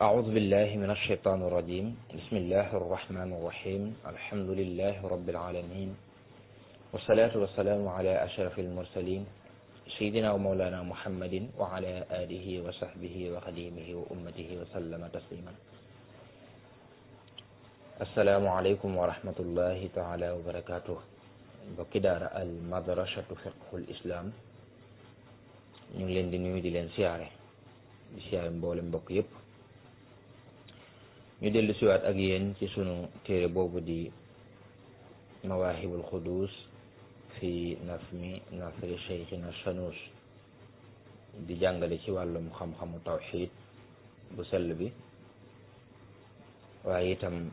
أعوذ بالله من الشيطان الرجيم بسم الله الرحمن الرحيم الحمد لله رب العالمين والصلاة والسلام على أشرف المرسلين سيدنا ومولانا محمد وعلى آله وصحبه وقديمه وأمته وسلم تسليما السلام عليكم ورحمة الله تعالى وبركاته بكدار المدرسة فقه الإسلام ñu دي leen لنسياري nuyu di leen siyaare ñu dellu siwaat ak yéen ci sunu téere boobu di mawaahibul xudus fi nafmi nafri cheikhina chanous di jàngale ci wàllum xam-xamu tawxid bu sell bi waaye itam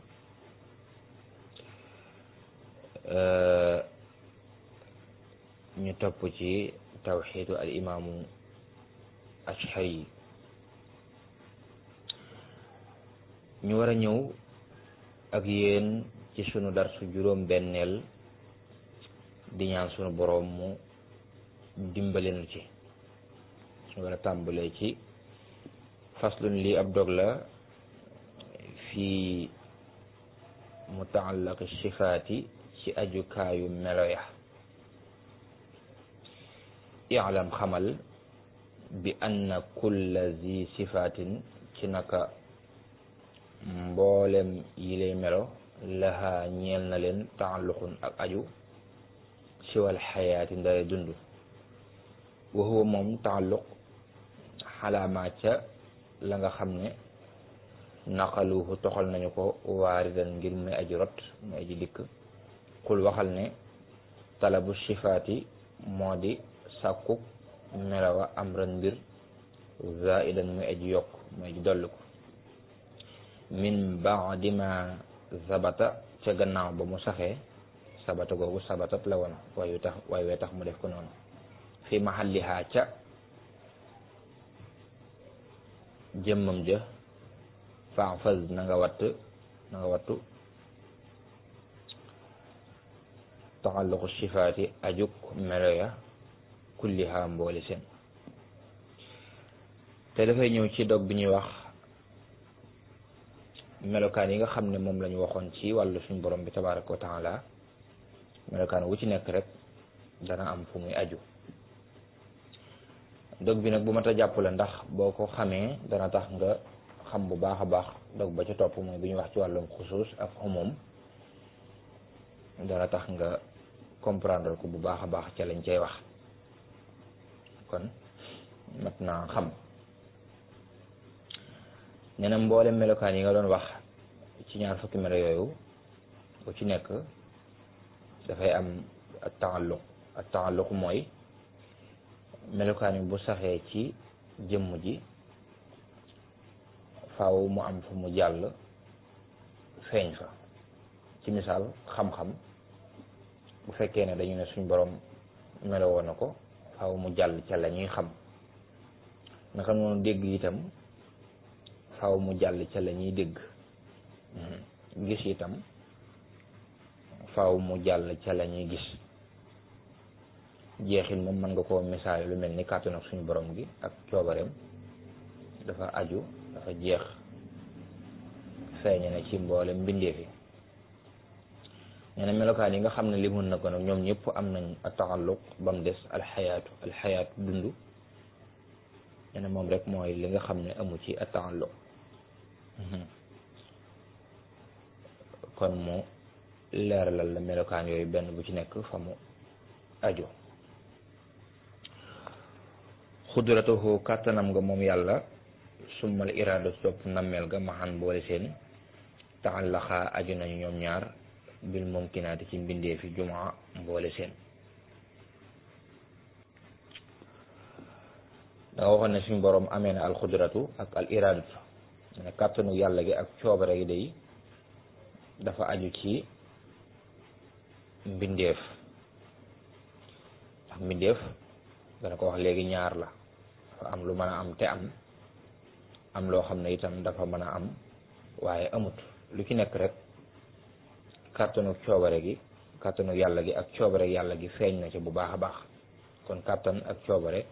euh, ñu topp ci tawxidu al imaamu ashari ñu war a ñëw ak yéen ci sunu darsu juróom benneel di ñaan sunu boroom mu dimbalinu ci ñu war a tàmbalee ci faslun lii ab dog la fii mutaallaqi sifaati ci ajukaayu melo ya i'lam xamal bi anna kulla zi sifaatin ci naka mboolem yi lay melo laxaa ñeel na leen taalluqun ak aju siwal xayaati ndare dund wa huwa moom taalluq xalaamaa ca la nga xam ne naqaluhu toxal nañu ko waaridan ngir muy aji rot muy aji dikk qul waxal ne talabu sifaati moo di sàkkuk melawa amran mbir zaidan muy aji yokk muy aji dollu min baadi ma sabata ca gannaaw ba mu saxee sabata googu sabatab la woon waayu tax waay wee tax mu def ko noonu fi mahalliha ca jëmmam ja faafaz na nga watt na nga wattu taxalluqu sifaati ajuk melo ya kulliha mboole seen te dafay ñëw ci dog bi ñuy wax melokaan yi nga xam ne moom la ñu waxoon ci wàllu suñ borom bi tabaraka wa la melokaan wu ci nekk rek dana am fu muy aju dog bi nag bu mat a jàpp la ndax boo ko xamee dana tax nga xam bu baax a baax dog ba ca topp mooy bu ñu wax ci wàllum xusuus ak xumum dana tax nga comprendre ko bu baax a baax ca lañ cay wax kon mat naa xam nee mboole mboolem melokaan yi nga doon wax ci ñaar fukki melo yooyu bu ci nekk dafay am ak taalluq ak taalluq mooy melokaan yi bu saxee ci jëmm ji faaw mu am fu mu jàll feeñ fa ci misaal xam-xam bu fekkee ne dañu ne suñ borom melowoo na ko faaw mu jàll ca la ñuy xam naka noonu dégg itam faw mu jàll ca la ñuy dégg hmm. gis itam faw mu jàll ca la ñuy gis jeexit moom mën nga koo misaale lu mel ni kàttan suñu borom gi ak coobareem dafa aju dafa jeex feeñ na ci mboole mbindeef yi nee melokaan yi nga xam ne limun na ko nag ñoom ñëpp am nañ taxalluq ba mu des alxayaatu alxayaatu dund nee moom rek mooy li nga xam ne amu ci taxalluq Mm-hmm. kon mu leeralal la melokaan yooyu benn bu ci nekk fa mu aju xudratuhu kàttanam nga moom yàlla summal iraada topp nammeel ga maxan boole seen taxallaxaa aju nañu ñoom ñaar bil mumkinaati ci mbindee fi jumaa mboole seen da nga waxoon ne suñu borom amee na alxudratu ak al iraadatu kàttanu yàlla gi ak coobare gi day dafa aju ci mbindeef ndax mbindeef dana ko wax léegi ñaar la dafa am lu mën a am te am am loo xam ne itam dafa mën a am waaye amut lu ci nekk rek kàttanu coobare gi kàttanu yàlla gi ak coobare yàlla gi feeñ na ci bu baax a baax kon kàttan ak coobare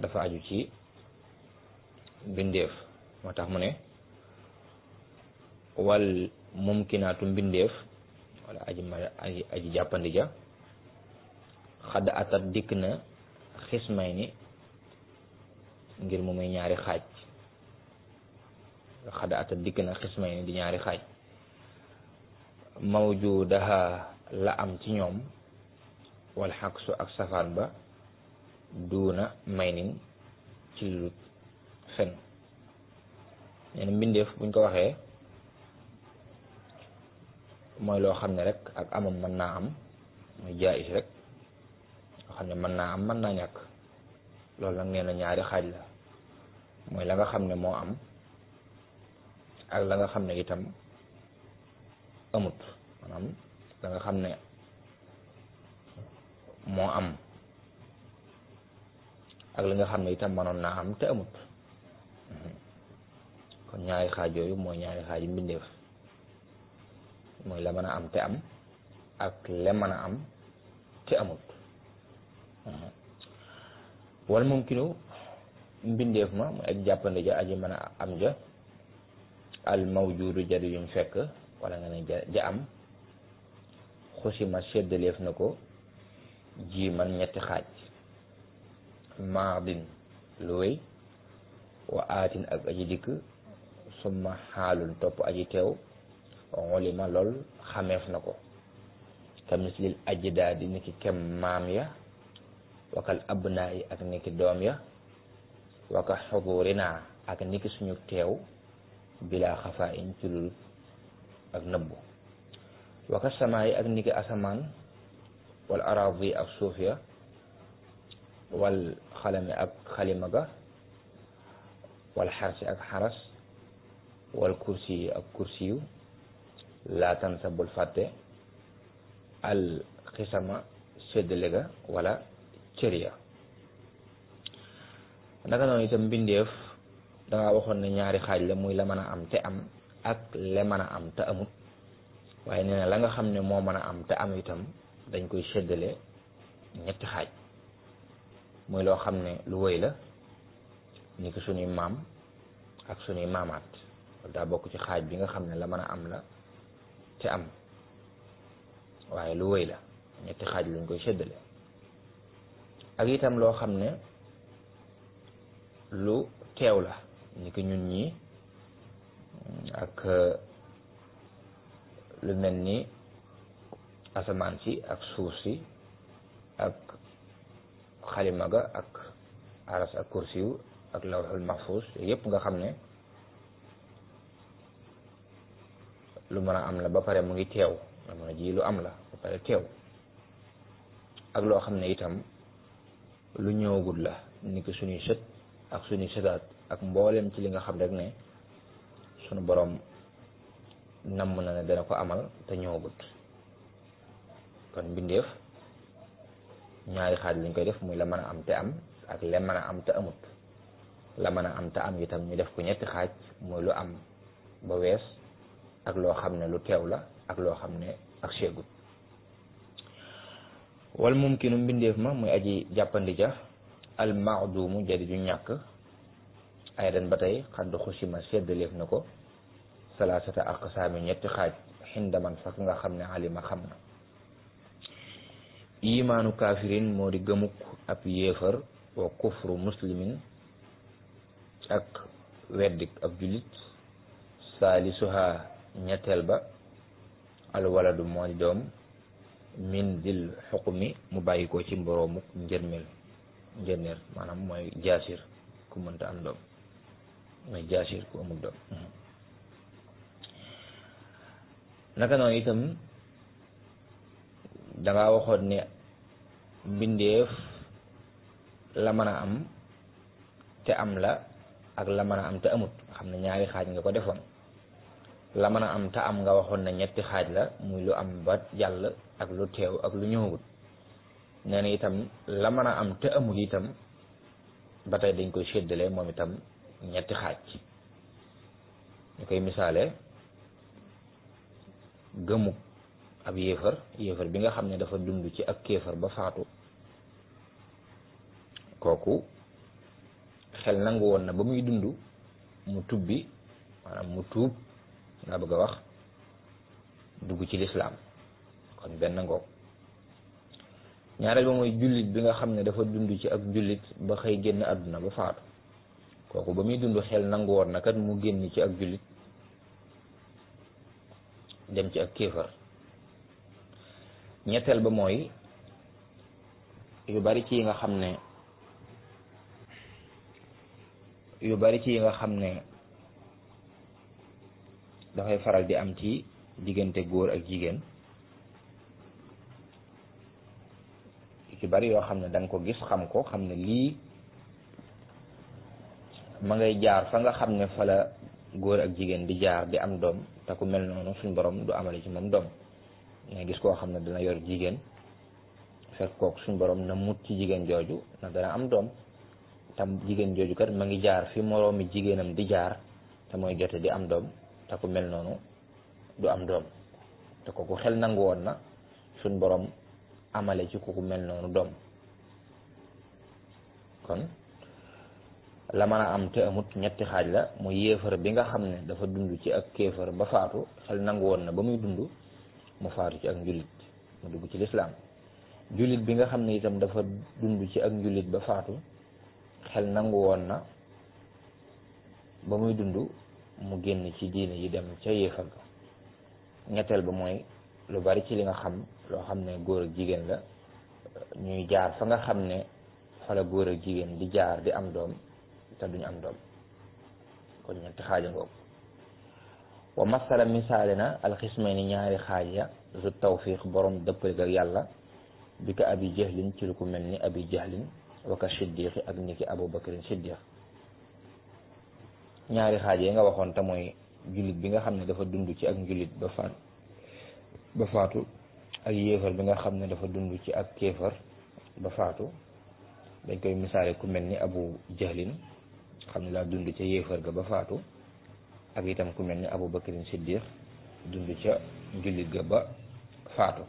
dafa aju ci bindeef moo tax mu ne wal mumkinaatu mbindeef walla aji ma aji aji jàppandi ja xadd atat dikk na xismay ni ngir mu muy ñaari xaaj xadd atat dikk na xismay ni di ñaari xaaj mawjudaha la am ci ñoom wal xaqsu ak safaan ba duuna may nin ci lu fen nee na mbindeef buñ ko waxee mooy loo xam ne rek ak amam man naa am muy jaayis rek xam ne mën naa am mën naa ñàkk loolu nag nee na ñaari xaaj la mooy la nga xam ne moo am ak la nga xam ne itam amut maanaam la xam ne moo am ak la nga xam ne itam mënoon naa am te amut ñaari xaaj mooy ñaari xaaju mbindeef mooy la mën a am te am ak la mën a am te amut mmh. wal mumkinu mbindeef ma mooy ak ja mën a am ja al ja di yuñ fekk wala nga ne seddaleef na ko ji man ñetti xaaj maadin lu wéy wa aatin ak aji dikk summa xaalul topp aji teew ulima lool xameef na ko ka mislil ajdaadi ni ki kem maam ya wakal abnaa yi ak ni doom ya waka xudurinaa ak ni suñu teew bila xafaa in ci lul ak nëbbu waka samaa yi ak ni ki asamaan wal araadi yi ak suuf ya wal xalami ak xalima ga wal xarsi ak xaras wal kursi yi ak kursi yu laatan sa bul fàtte al xisama séddale ga wala cër ya naka noonu itam mbindeef danga waxoon ne ñaari xaaj la muy la mën a am te am ak le a am te amut waaye nee la nga xam ne moo mën a am te am itam dañ koy séddale ñetti xaaj muy loo xam ne lu wéy la ni ko suñuy maam ak sunuy maamaat daa bokk ci xaaj bi nga xam ne la mën a am la ci am waaye lu wéy la ñetti xaaj luñ koy séddale ak itam loo xam ne lu teew la ni ki ñun ñi ak uh, lu mel ni asamaan si ak suuf si ak xalima ga ak aras ak kursiyu ak lawxul mahfuz yooyu yëpp nga xam ne lu mën a am la ba pare mu ngi teew jamono ji lu am la ba pare teew ak loo xam ne itam lu ñëwagul la ni ki suñuy sët ak suñuy sëtaat ak mboolem ci li nga xam rek ne sunu borom namm na ne dana ko amal te ñëwagut kon mbindeef ñaari xaaj lañ koy def muy la mën a am te am ak la am te amut la mën a am te am itam ñu def ko ñetti xaaj muy lu am ba wees ak loo xam ne lu teew la ak loo xam ne ak seegut wal mumkinu mbindeef ma muy aji jàppandi ja al maxduumu jadi ju ñàkk ay ren ba tey xaddu xusima seddaleef na ko salaasata aqsaami ñetti xaaj xindaman fa nga xam ne alima xam na imaanu kaafirin moo di gëmuk ab yéefar wa kufru muslimin ak weddik ab jullit saali ñetteel ba alwaladu mooy doom min dil xukmi mu bàyyi ko ci mboroomu njërmel njërmel maanaam mooy jaasir ku mënta am doom mooy jaasir ku amul doom naka noonu itam danga waxoon ne mbindeef la mën a am te am la ak la am te amut xam ne ñaari xaaj nga ko defoon la mën a am te am nga waxoon na ñetti xaaj la muy lu am ba yàlla ak lu teew ak lu ñëwagut nee na itam la mën a am te amul itam ba tey dañ koy séddalee moom itam ñetti xaaj ñu koy misaale gëmu ab yéefar yéefar bi nga xam ne dafa dund ci ak kéefar ba faatu kooku xel nangu woon na ba muy dund mu tubbi maanaam mu tuub laa bëgg a wax dugg ci lislaam kon benn ngoog ñaareel ba mooy jullit bi nga xam ne dafa dund ci ak jullit ba xëy génn àdduna ba faatu kooku ba muy dund xel nangu woon na mu génn ci ak jullit dem ci ak kéefar ñetteel ba mooy yu bari ci yi nga xam ne yu bari ci yi nga xam ne dafay faral di am ci diggante góor ak jigéen ki bari yoo xam ne danga ko gis xam ko xam ne lii ma ngay jaar fa nga xam ne fala góor ak jigéen di jaar di am doom te ku mel noonu borom du amale ci moom doom nga gis koo xam ne dana yor jigéen fekk kook suñ borom na ci jigéen jooju na dana am doom tam jigéen jooju kat ma ngi jaar fi moroomi jigéenam di jaar te mooy jote di am doom te ku mel noonu du am doom te kooku xel nangu woon na suñ boroom amale ci ku mel noonu doom kon la mën a am te amut ñetti xaaj la mu yéefar bi nga xam ne dafa dund ci ak kéefar ba faatu xel nangu na ba muy dund mu faatu ci ak njullit mu dugg ci lislaam njullit bi nga xam ne itam ci ak njullit ba faatu xel nangu woon na ba muy dund mu génn ci diine yi dem ca yéefal ga ñetteel ba mooy lu bari ci li nga xam loo xam ne góor ak jigéen la ñuy jaar fa nga xam ne fa la góor ak jigéen di jaar di am doom te duñu am doom kon ñetti xaaja ngoog wa masala misaale na alxismayni ñaari xaaj ya zu tawfiq boroom dëppale ak yàlla bi ko abi jahlin ci lu ko mel ni abi jahlin wa ka ak niki abubakarin siddiq ñaari xaaj yi nga waxoon te mooy jullit bi nga xam ne dafa dund ci ak njullit ba faat ba faatu ak yéefar bi nga xam ne dafa dund ci ak kéefar ba faatu dañ koy misaale ku mel ni abu jahlin xam ne daa dund ci yéefar ga ba faatu ak itam ku mel ni abu bakrin siddiq dund ca njullit ga ba faatu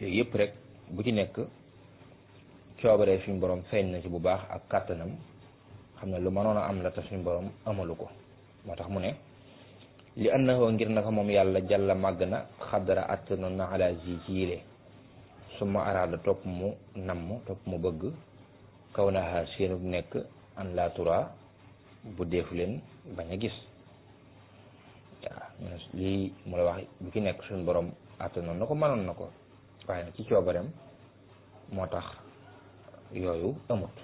yooyu yëpp rek bu ci nekk coobaree suñu borom feeñ na ci bu baax ak kàttanam xam ne lu manoon a am la te suñu borom amalu ko moo tax mu ne li annahu ngir naka moom yàlla jàlla màgg na xadara attanoon na ala ji ci yile su mu namm topp mu bëgg kaw naha seenu nekk an la bu deefu leen bañ a gis waaw lii mu la ci nekk suñu borom attanoon na ko mënoon na ko waaye nag ci coobareem moo tax yooyu amut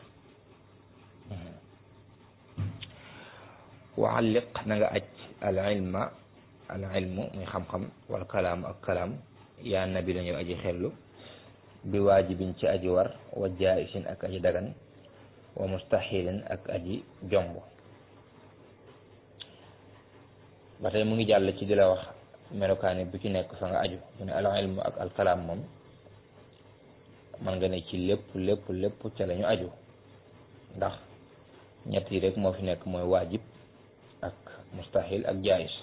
wa alliq na nga aj al ilma al ilmu muy xam-xam wal kalaamu ak kalaam yaa nabi dañoo aji xellu bi waajibin ci aji war wa jaisin ak aji dagan wa mustahilin ak aji jomb ba mu ngi jàll ci di la wax melokaani bu ci nekk fa nga aju mu ne al ilmu al kalaam moom mën nga ne ci lépp lépp lépp ca la aju ndax ñett yi rek moo fi nekk mooy waajib ak mustahil ak jaayis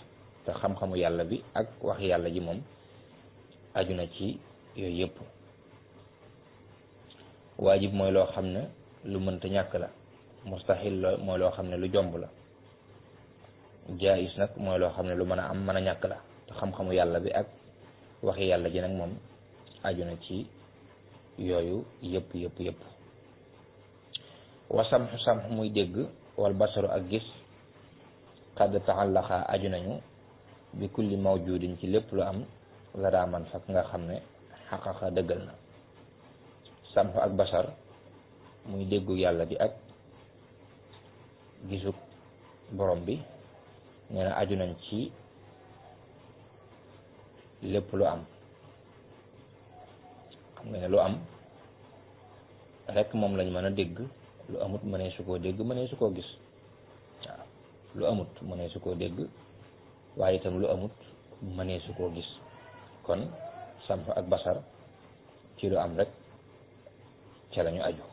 te xam-xamu yàlla bi ak wax ji moom aju na ci yooyu yëpp waajib mooy loo xam ne lu mënta ñàkk la mustahil loo xam ne lu jomb la jaayis nag mooy loo xam ne lu mën a am mën a ñàkk la te yàlla bi ak waxi yàlla ji moom aju na ci yooyu yëpp yëpp yëpp wasamxu samx muy dégg wal basaru ak gis qad taallaqa aju nañu bi kulli mawjudin ci lépp lu am zara man fak nga xam ne xaqaqa dëggal na samp ak basar muy déggu yàlla bi ak gisu borom bi nee ne aju nañ ci lépp lu am xam nga ne lu am rek moom lañ mën a dégg lu amut mënee su koo dégg mënee su koo gis lu amut mënee su koo dégg waaye itam lu amut mënee su koo gis kon samp ak basar ci lu am rek ca lañu aju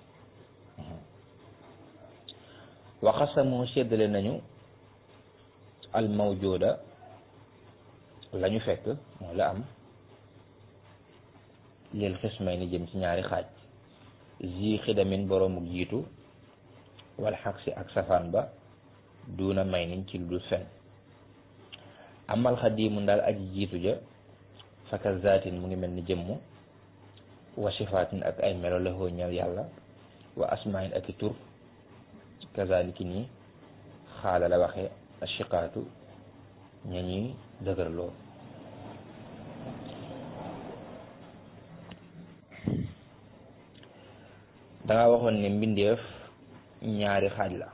mhm. waxasamoo séddale nañu al mawjuda la fekk moo la am lil xismay ni jëm ci ñaari xaaj zi xidamin boroomu jiitu wal xaq ak safaan ba duuna may niñ ci lu dul fen amal xadiimu daal aji jiitu ja faka zaatin mu ngi mel ni jëmm wa sifaatin ak ay melo la ñeel yàlla wa asmaain ak i tur kazaliki nii xaala la waxe ashiqaatu ña ñuy dëgërloo danga waxoon ne mbindeef ñaari xaaj la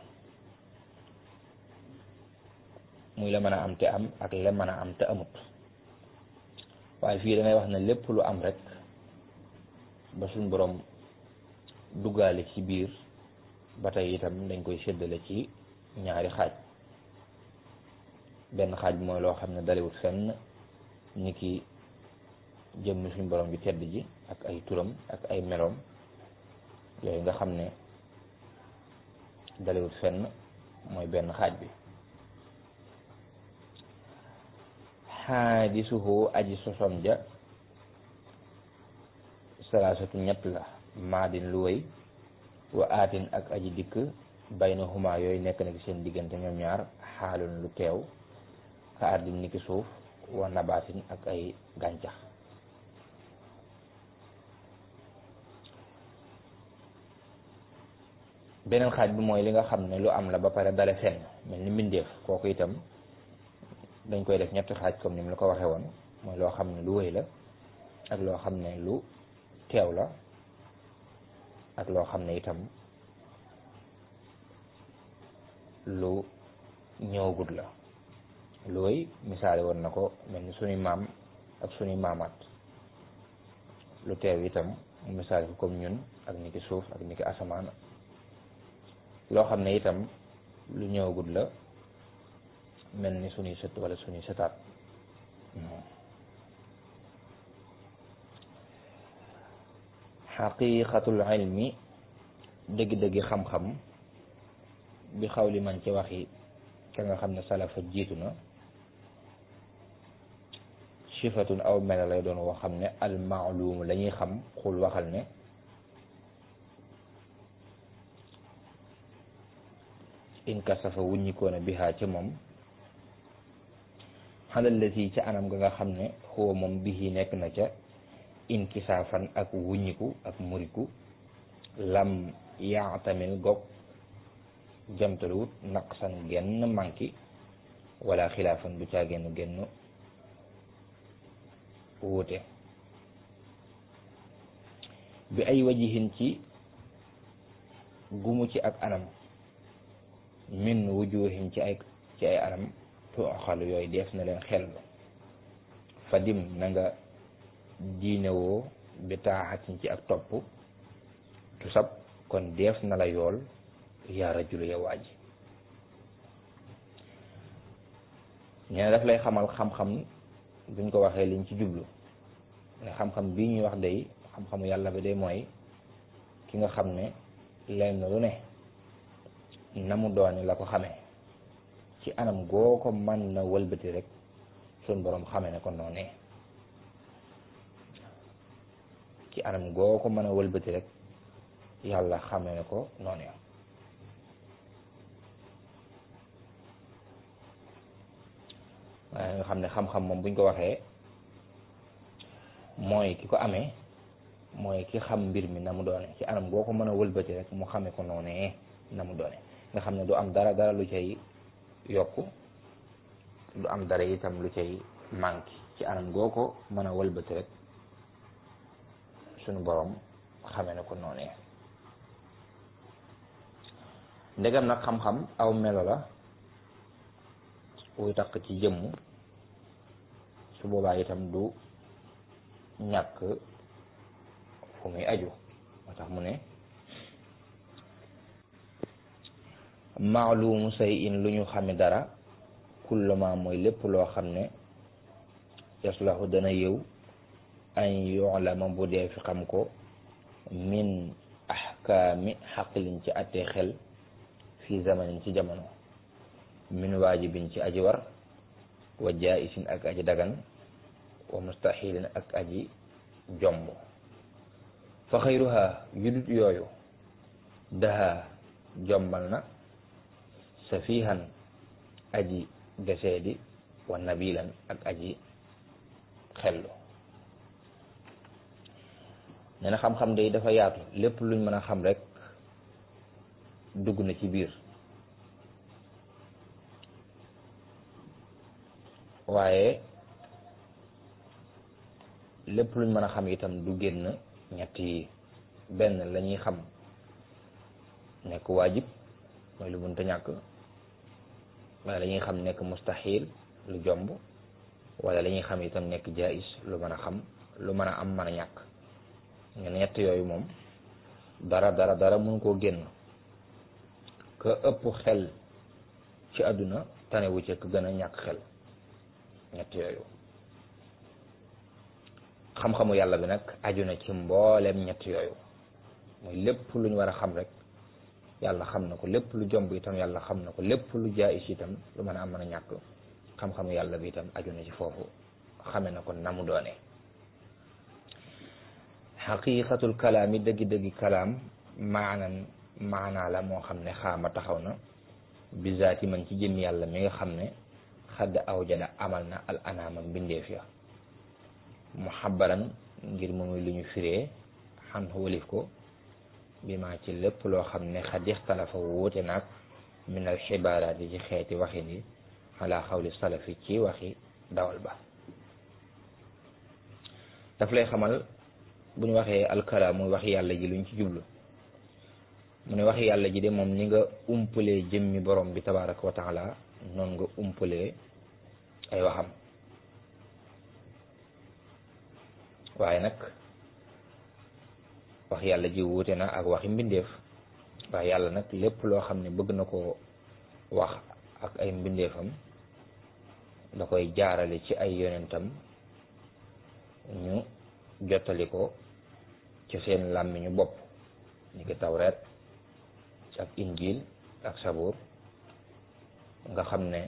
muy la mën a am te am ak la mën a am te amut waaye fii da wax na lépp lu am rek ba suñ boroom duggaale ci biir ba tey itam dañ koy séddale ci ñaari xaaj benn xaaj mooy loo xam ne dalewut fenn ni ki jëmm suñ borom ju tedd ji ak ay turam ak ay meloom yooyu nga xam ne dalewut fenn mooy benn xaaj bi xaadisuhu aji sosom ja salaasatu ñett la maadin lu wéy wa aatin ak aji dikk baynahuma yooyu nekk na ci seen diggante ñoom ñaar xaalun lu teew ka ardin ni ki suuf wa nabaatin ak ay gàncax beneen xaaj bi mooy li nga xam ne lu am la ba pare dale fenn mel ni mbindeef kooku itam dañ koy def ñetti xaaj comme ni mu la ko waxee woon mooy loo xam ne lu wéy la ak loo xam ne lu teew la ak loo xam ne itam lu ñëwagut la looy misaale woon na ko mel ni suñuy maam ak suñuy maamaat lu teew itam mu misaale ko comme ñun ak ni ki suuf ak ni ki asamaan loo xam ne itam lu ñëwagut la mel ni suñuy sët wala suñuy sëtaat xaqiqatul ilmi dëgg-dëgg xam-xam bi li man ci waxi ka nga xam ne salafa jiitu na sifatun aw mela lay doon woo xam ne almaalumu lañuy ñuy xam xul waxal ne in wuññikoona bihaa ca moom xalallazi ci anam ga nga xam ne xoo moom bihi nekk na ca inkisaafan ak wuññiku ak muriku lam yaatamil goog jamtaluwut naqsan genn manki wala xilaafan du caa genn genn wuute bi ay wajihin ci gumu ci ak anam min wujuhin ci ay ci ay anam tuxalu yooyu dees na leen xel fadim na nga diinewoo bi taaxatin ci ak topp tusab kon dees na la yool yaa rajulu ya waa ji ñu daf lay xamal xam-xam buñ ko waxee liñ ci jublu xam-xam bii ñuy wax day xam-xamu yàlla bi day mooy ki nga xam ne lenn lu ne na mu doone la ko xamee ci anam goo ko man na walbati rek sun boroom xame ne ko noonee ci anam goo ko mën a walbati rek yàlla xame ne ko noonee waaye nga xam ne xam-xam moom buñ ko waxee mooy ki ko amee mooy ki xam mbir mi na mu doone ci anam goo ko mën a wëlbati rek mu xame ko noonee na mu doone nga xam ne du am dara dara lu cay yokk du am dara itam lu cay manqué ci anam goo ko mën a wëlbati rek suñu boroom xame na ko noonee ndegam nag xam-xam aw melo la wuy takk ci jëmm su boobaa itam du ñàkk fu muy aju moo tax mu ne maalumu say in lu ñu xame dara kullama mooy lépp loo xam ne yaslahu dana yëw an yulama bu dee fi xam ko min ahkaami xaqlin ci attee xel fi zamanin ci jamono min waajibin ci aji war wa jaisin ak aji dagan wa mustahilin ak aji jomb fa xayruha yudut yooyu daha jombal na safihan aji deseedi wa nabilan ak aji xellu nee na xam-xam day dafa yaatu lépp luñ mën a xam rek dugg na ci biir waaye lépp luñ mën a xam itam du génn ñett yi benn lañuy xam nekk waajib mooy lu mënta ñàkk wala la xam nekk mustaxil lu jomb wala lañuy xam itam nekk jaayis lu mën a xam lu mën a am mën a ñàkk nga ñett yooyu moom dara dara dara mun koo génn ka ëpp xel ci àdduna tanewu ci ka gën a ñàkk xel ñett yooyu xam-xamu yàlla bi nag aju na ci mbooleem ñett yooyu muy lépp lu ñu war a xam rek yàlla xam na ko lépp lu jomb itam yàlla xam na ko lépp lu jaayis itam lu mën a am mën a ñàkk xam-xamu yàlla bi itam aju na ci foofu xame na ko namu doone xaqiqatul kalaam yi dëggi-dëggi kalaam maanan maanaa la moo xam ne xaama taxaw na bizaati man ci jëm yàlla mi nga xam ne xadd awjada amal na al anaama mbindeef ya muhabbaran ngir moomuy lu ñu firee xam walif ko bi maa ci lépp loo xam ne xadix talafa wuute nag minal xibaaraat yi ci xeeti waxin yi ala xawli salafi ci waxi dawal ba daf lay xamal bu ñu waxee alkalaam muy wax yàlla ji luñ ci jublu mu ne wax yàlla ji de moom ni nga umpalee jëmmi borom bi tabaraka wa taala noonu nga umpalee ay waxam waaye nag wax yàlla ji wute na ak waxi mbindeef wax yàlla nag lépp loo xam ne bëgg na ko wax ak ay mbindéefam da koy jaarale ci ay yonentam ñu jottali ko ci seen làmmiñu bopp ni ki tawreet ak injil ak sabuur nga xam ne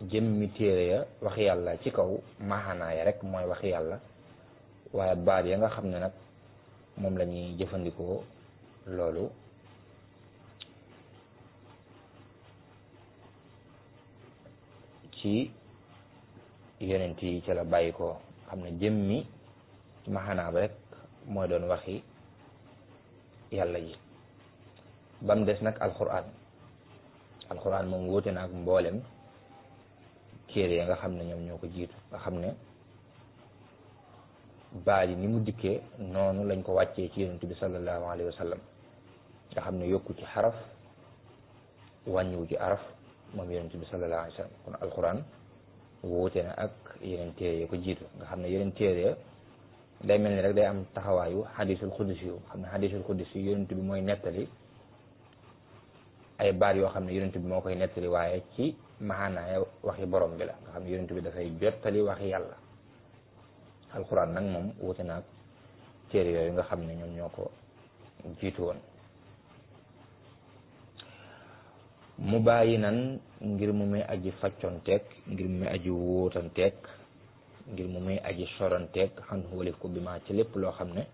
jëmmi téere ya wax yàlla ci kaw maxanaa rek mooy wax yàlla waaye baat ya nga xam ne nag moom la ñuy jëfandikoo loolu ci yonent yi la bàyyikoo ko xam ne jëmmi maxanaam rekk mooy doon waxi yàlla ji bam des nag alquran alquran moom wóote na ak mboolem téere ya nga xam ne ñoom ñoo ko jiitu nga xam ne yi ni mu dikkee noonu lañ ko wàccee ci yonent bi sallallahu alayhi wa sallam nga xam ne yokku ci xaraf wàññiwu ci araf moom yonent bi sallallahu alayhi wa kon alquran wuute na ak yeneen ko jiitu nga xam ne yeneen téere day mel ni day am taxawaayu xadisul xudus yu xam ne bi mooy nettali ay baat yoo xam ne yonent bi moo koy nettali waaye ci maanaam waxi borom bi la nga xam ne yonent bi dafay jottali waxi yàlla alquran nag moom wuute naag téere yooyu nga xam ne ñoom ñoo ko jiitu woon mu bàyyi nan ngir mu may aji facconteeg ngir mu may aji wóotanteeg ngir mu may aji soranteeg xam ci lépp loo xam ne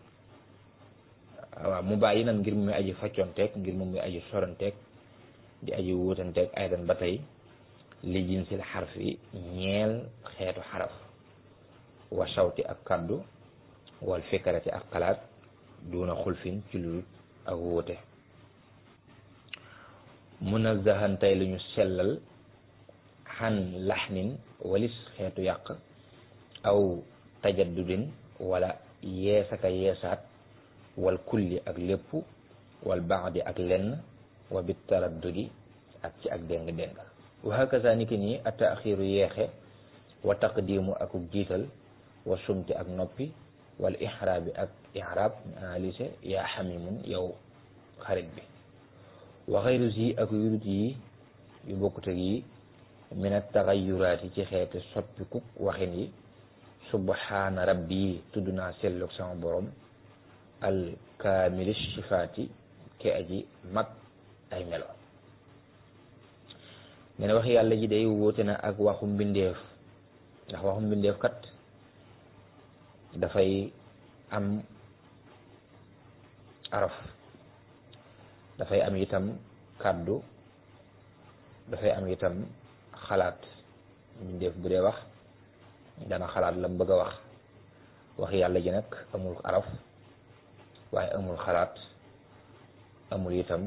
waaw mu bàyyi nan ngir mu may aji facconteeg ngir mu may aji soranteeg di aji wóotanteeg aydan ba tey li jinsil xarf yi ñeel xeetu xaraf wa sawti ak kaddu wal fikrati ak xalaat duna xulfin ci lu ak wuute munazahan tey lu ñu sellal xan laxnin walis xeetu yàq aw tajaddudin wala yeesaka yeesaat wal kulli ak lépp wal baadi ak lenn wa bit taraddudi ak ci ak déng-déng wa hakaza ni ki nii a taaxiru yeexe wa taqdimu akuk jiital wa sumti ak noppi wal ixraabi ak ixraab ñu analysé yaa xamimun yow xarit bi wa xayrus yi ak yurut yi yu bokkut ak yi min at taxayuraat yi ci xeeti soppiku waxin yi subhaana rabbi yi tudd naa sellug sama borom al kaamili sifaati ke aji mat ay melo ne na wax yàlla ji day wóote na ak waxu mbindeef ndax waxu mbindeef kat dafay am araf dafay am itam kàddu dafay am itam xalaat mbindeef bu dee wax dana xalaat la mu bëgg a wax wax yàlla ji nag amul araf waaye amul xalaat amul itam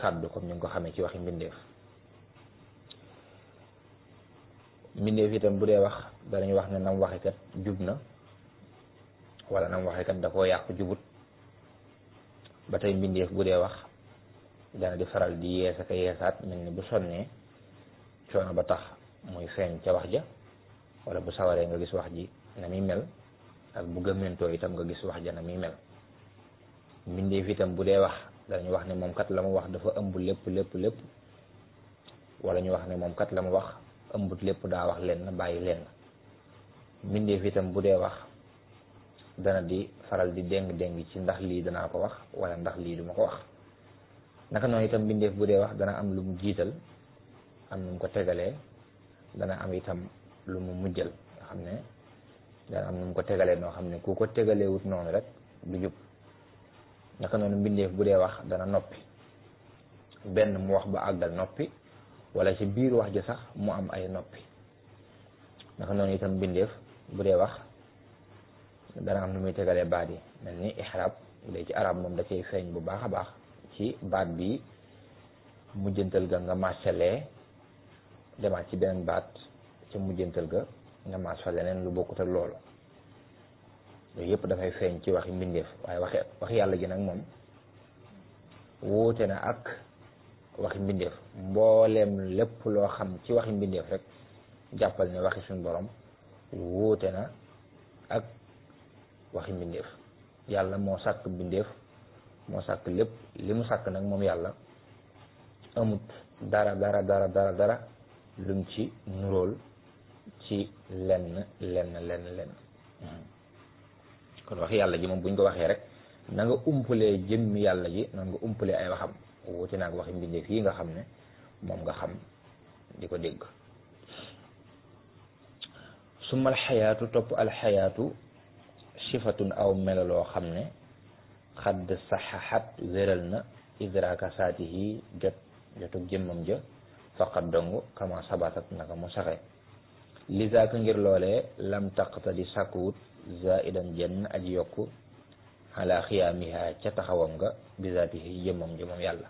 kàddu comme ñu ngi ko xamee ci waxi mbindeef mbindeef itam bu dee wax danañ wax ne nam waxe kat jub na wala nam waxe tam da koo yàq jubut batay mbindef budé bu dee wax dana di faral di yees ak yeesaat mel ni bu sonné coono ba tax moy feeñ ci wax ja wala bu sawaré nga gis wax ji na muy mel ak bu gëmento itam nga gis wax ja na muy mel mbindef itam budé dee wax danañu wax ne mom kat lamu wax dafa ëmb lepp lepp lepp wala ñu wax ne mom kat lamu wax ëmbut lepp da wax lenn bayyi lenn itam budé wax dana di faral di déng-déng ci ndax lii danaa ko wax wala ndax lii duma ko wax naka noonu itam bindeef bu dee wax dana am lu mu jiital am nu mu ko tegalee dana am itam lu mu mujjal nga xam ne dana am nu mu ko tegalee noo xam ne ku ko tegalee wut noonu rek du jub naka noonu mbindeef bu dee wax dana noppi benn mu wax ba àggal noppi wala ci biir wax ji sax mu am ay noppi naka noonu itam mbindeef bu dee wax dana am muy tegalee baat yi mel ni ixrab léegi ci arab moom da cay feeñ bu baax a baax ci baat bi mujjantal ga nga marchalee demaat ci beneen baat ci mujjantal ga nga march fa leneen lu bokkut ak loolu yooyu yëpp dafay feeñ ci waxi mbindeef waaye waxi wax yàlla gi nag moom wuute na ak waxi mbindeef mbooleem lépp loo xam ci waxi mbindeef rek jàppal ne waxi suñu boroom wuute na ak waxi mbindeef yàlla moo sàkk mbindeef moo sàkk lépp li mu sàkk nag moom yàlla amut dara dara dara dara dara ci nuróol ci lenn lenn lenn lenn hmm. kon wax yàlla ji moom buñ ko waxee rek nanga nga umpalee yàlla ji na nga umpalee ay waxam wuute naag waxi mbindeef yi nga xam ne moom nga xam di ko dégg summa alxayaatu topp alxayaatu sifatun aw melo loo xam ne xadd saxaxat wéral na idraka saatihi jot jotug jëmmam ja faqat dong kama sabatat naka mu saxe lisaaka ngir loole lam taqta di sàkkuwut zaidan jenn aji yokku ala xiyaamiha ca taxawam nga bizaatihi jëmmam ja moom yàlla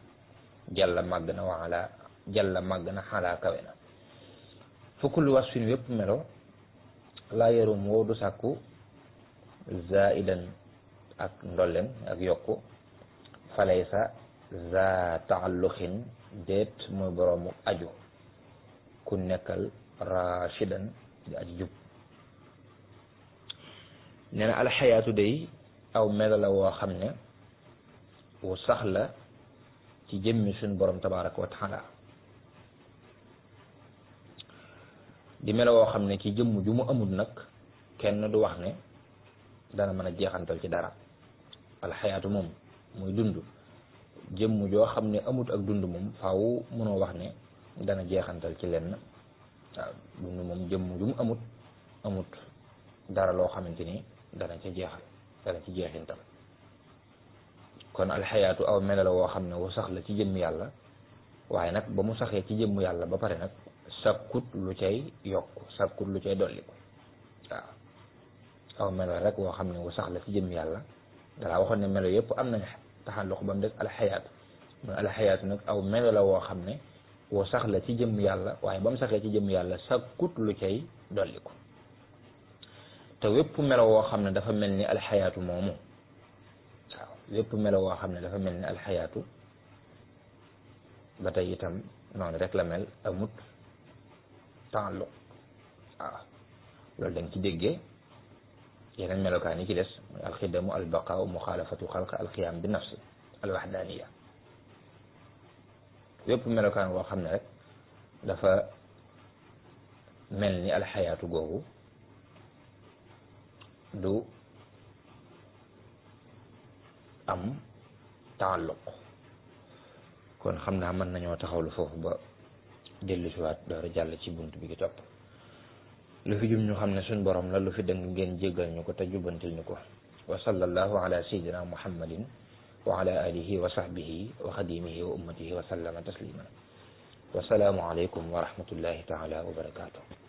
jàlla màgg na wa jàlla màgg na xalaa kawe na fukkul wasfin wépp melo laa yarum wow du sàkku zaidan ak ndollem ak yokku falaysa za taalluxin déet muy boroomu aju ku nekkal rachidan di aji jub nee na alxayaatu day aw melo woo xam ne wu sax la ci jëmmi suñ borom tabaraka wa di melo woo xam ne ci jëmm ju mu amul nag kenn du wax ne dana mën a jeexantal ci dara alxayaatu moom muy dund jëmm joo xam ne amut ak dund moom faaw mënoo wax ne dana jeexantal ci lenn waaw dund moom jëmm ju mu amut amut dara loo xamante ni dana ca jeexal dana ci jeexintal kon alxayaatu aw melo la woo xam ne wu sax la ci jëmm yàlla waaye nag ba mu saxee ci jëmm yàlla ba pare nag sakkut lu cay yokk sakkut lu cay dolli ko waaw aw melo rek woo xam ne wu sax la ci jëm yàlla dalaa waxoon ne melo yëpp am nañ taxalluq ba mu des alxayaatu mooy nag aw melo la woo xam ne wu sax la ci jëm yàlla waaye ba mu saxee ci jëm yàlla sakkut lu cay dolliku te wépp melo woo xam ne dafa mel ni alxayaatu moomu waaw wépp melo woo xam ne dafa mel ni alxayaatu ba tey itam noonu rek la mel amut taxalluq waaw loolu da ci déggee yeneen melokaan yi ci des mooy alxidamu albaqaaw muxaalafatu xalq alqiyaam bi nafsi alwaxdaaniya yépp melokaan woo xam ne rek dafa mel ni alxayaatu googu du am taalluq kon xam naa mën nañoo taxawlu foofu ba dellusiwaat door jàll ci bunt bi gi topp lu fi jum ñu xam ne suñ borom la lu fi dëng ngeen jéggal ñu ko te jubbante ñu ko wa sallallahu ala sayyidina muhammadin wa ala alihi wa sahbihi wa xadimihi wa ummatihi wa sallama tasliman wa salaamu aleykum wa rahmatullahi taala wa barakatuh